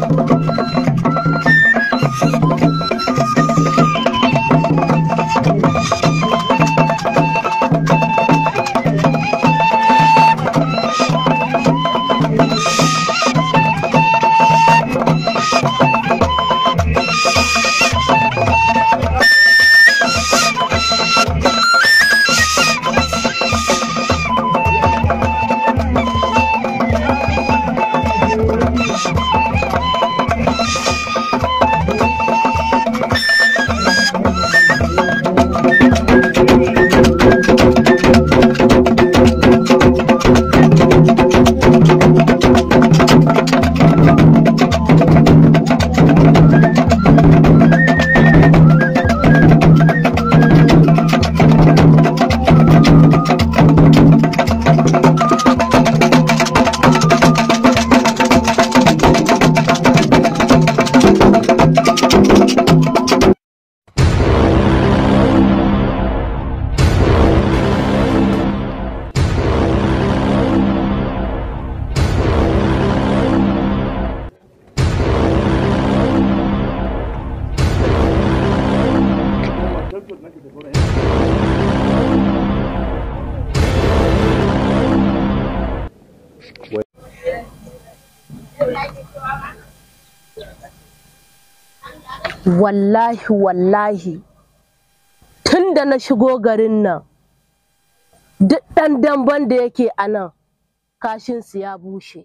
Thank wallahi wallahi tun da na shigo garin nan duk ɗan damban da yake a nan kashinsu ya bushe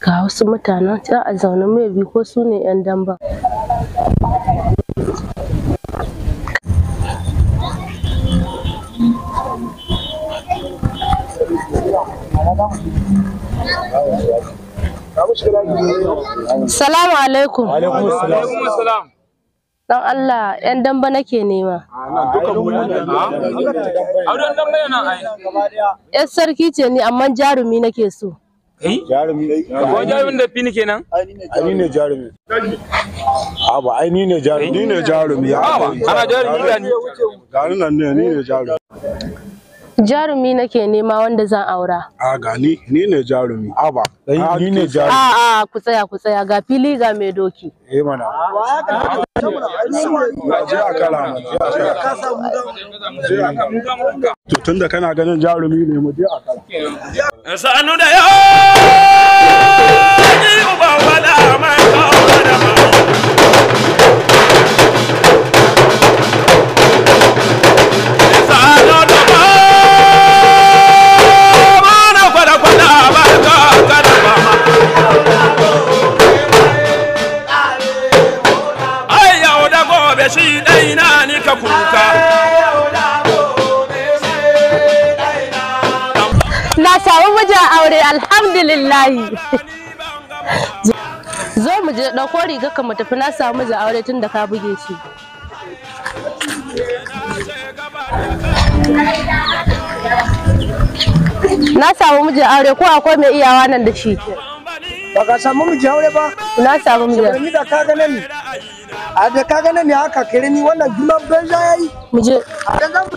ga wasu mutanen ta a zaune mai ko su ne 'yan damban Salamu alaikum. Dan Allah ‘yan damba nake nema. ‘Yan sarki ce ni amma jarumi nake so. Jarumi? Eh? ne jarumi. ne ne jarumi. ai ni ne jarumi. Ni ne jarumi. Aba, eh? ne jarumi nan ne, ni ne jarumi. jarumi nake nema wanda zan aura a ga ni ni ne jarumi a ba ni ne jarumi a a ku tsaya ku tsaya ga fili ga mai doki eh mana je a kala je a kala to tunda kana ganin jarumi ne mu je a kala sanu da yo ni uba wala mai wallahi zo mu je ɗauko riga ka mu tafi na samu za aure tun da ka buge shi na samu mu miji aure ko akwai mai iyawa nan da shi ba ka samu miji aure ba na samu mu miji aure da ka ga nan a da ka ga nan haka kire ni wannan juna banza mu je a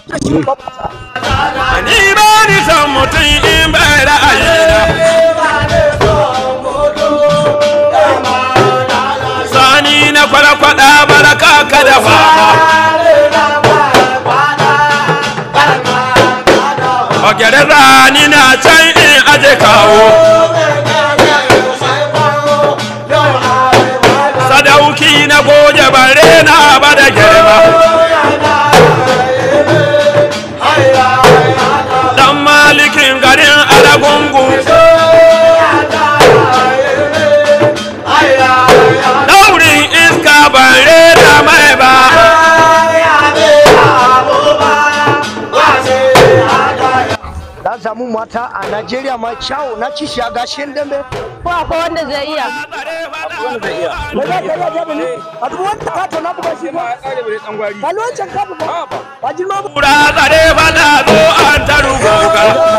Ni ba ni san mutum in bai ra'ayi Sani na kwada-kwada baraka ka da fada. Ogere rani na can in aje kawo. mata a Najeriya ma kyawu na ci shi a gashin dambe. Ko akwai wanda zai iya? Wanda zai iya. Me za ka iya jabi ne? A duk wani takato na kuma shi ba. Kalwancan kafa ba. Ba jirma ba. Kura tsare fada ko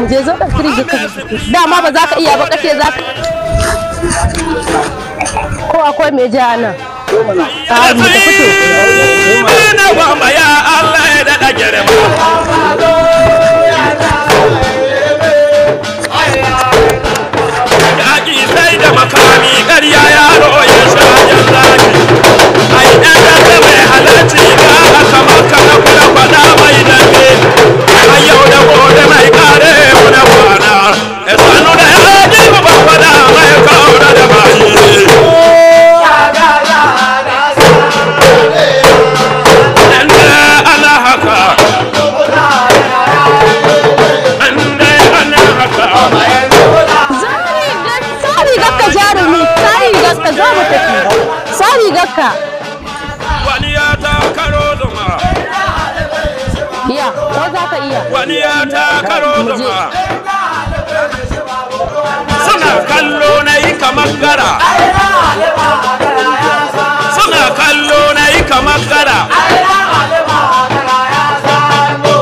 mu je zo ɗan sirri ka dama ba za ka iya ba kace za ka ko akwai mai ja nan ya Allah ya sai da makami ƙarya ya ko za ka iya wani ya ta karo suna kallo na yi kamar gara suna kallo na yi kamar gara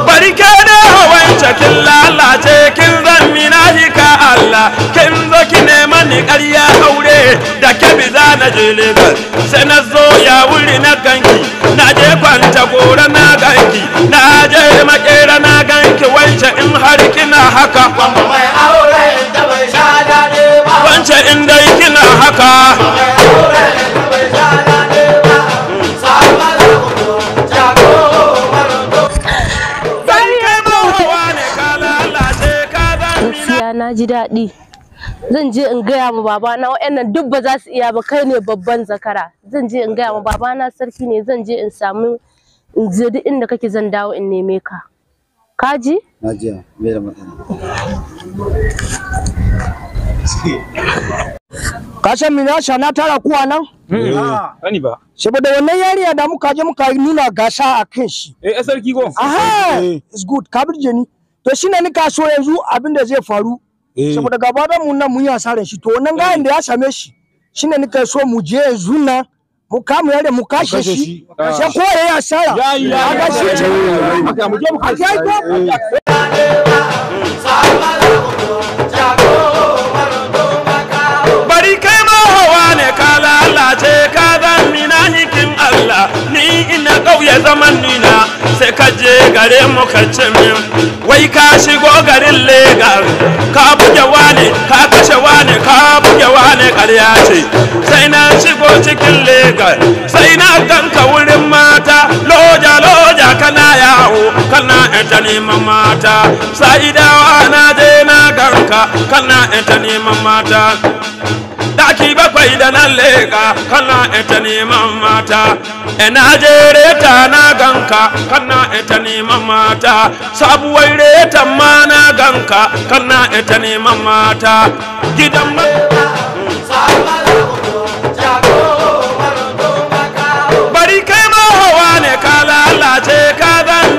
bari ke ne hawan cikin lalace kin zan mina hika Allah kin zo ki neman ni karya aure da kebi za na je Lagos sai na zo ya wuri na ganki naje kwanta gora na ganki naje makera na ganki wance in har kina haka wance in dai kina haka na ji daɗi zan je in gaya ma babana waɗannan duk ba za su iya ba kai ne babban zakara zan je in gaya ma babana sarki ne zan je in samu in je duk inda kake zan dawo in neme ka kaji na je me da matsala ka mina sha na tara kuwa nan eh, ah. ani ba saboda wannan yariya da muka je muka nuna gasa a kan shi eh, eh sarki go aha eh. is good kabirje ni to shine nika so yanzu abin da zai faru Eh. saboda gaba da mun nan mun yi asaran shi to wannan gayan da ya same shi shine nika so mu je yanzu mu kama yare mu kashe shi sai ko ah. ya asara ya ga shi aka mu je mu kashe bari kai ma hawa ne ka lalace ka zan mina hikin Allah kauye ƙauye zaman nina sai ka je gare mu ka ce min wai ka shigo garin lega ka buge wane ka kashe wane ka buge wane ƙarya ce sai na shigo cikin legas sai na ganka wurin mata loja loja kana yawo kana ta neman mata sa'idawa na je na ganka kana ta neman mata kiba bakwai da nan leka kana etani mamata ena ina je reta na ganka kana etani mamata sabu sabuwar reta ma ganka kana etani mamata gidan bari kai ma ne ka lalace ka zan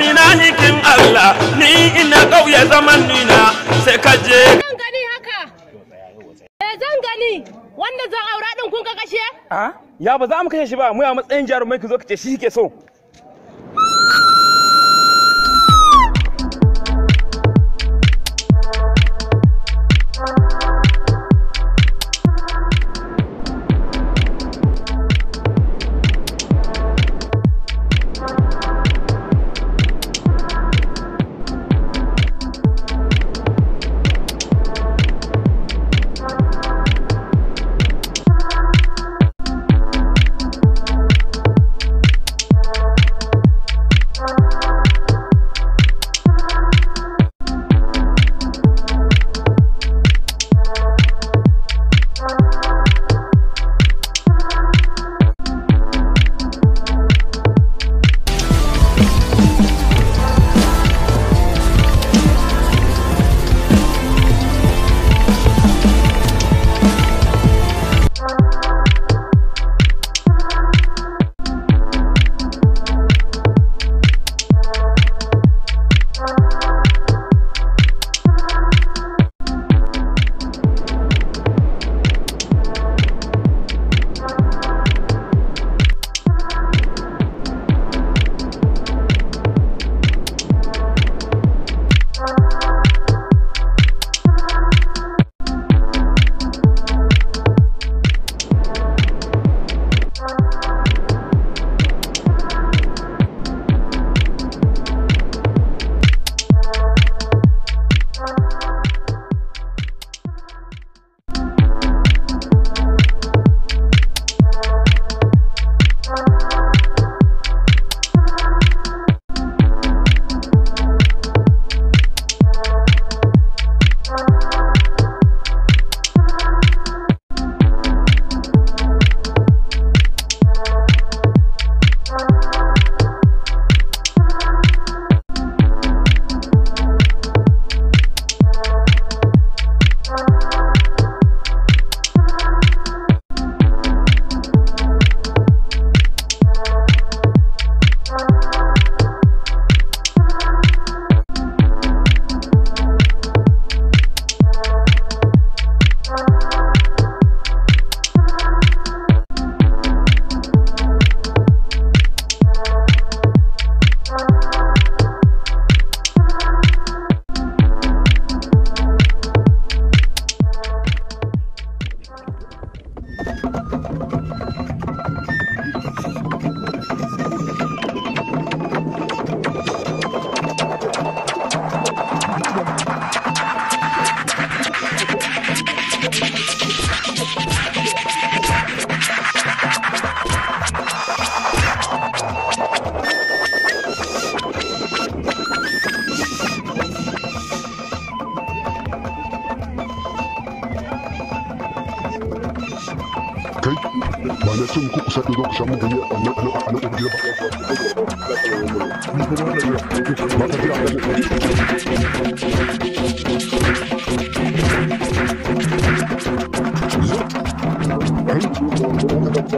Allah ni Wanda zan aura din kun ka kashe? Ah, Ya ba za mu kashe shi ba, mu ya matsayin jarumai ki zo ka ce shi ke so.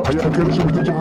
Hayır, arkadaşım,